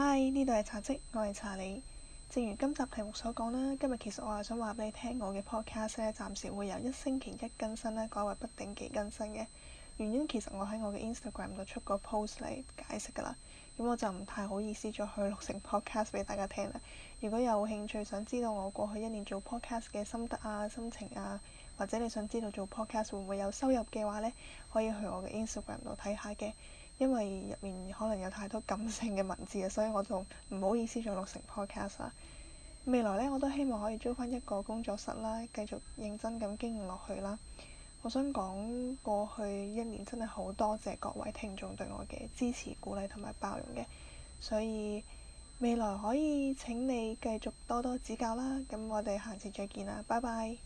Hi，呢度係茶漬，我係查理。正如今集題目所講啦，今日其實我係想話畀你聽，我嘅 Podcast 咧暫時會由一星期一更新啦，改為不定期更新嘅。原因其實我喺我嘅 Instagram 度出個 post 嚟解釋㗎啦，咁我就唔太好意思再去錄成 podcast 俾大家聽啦。如果有興趣想知道我過去一年做 podcast 嘅心得啊、心情啊，或者你想知道做 podcast 會唔會有收入嘅話呢，可以去我嘅 Instagram 度睇下嘅。因為入面可能有太多感性嘅文字啊，所以我就唔好意思再錄成 podcast 啦。未來呢，我都希望可以租返一個工作室啦，繼續認真咁經營落去啦。我想講，過去一年真係好多謝各位聽眾對我嘅支持、鼓勵同埋包容嘅，所以未來可以請你繼續多多指教啦。咁我哋下次再見啦，拜拜。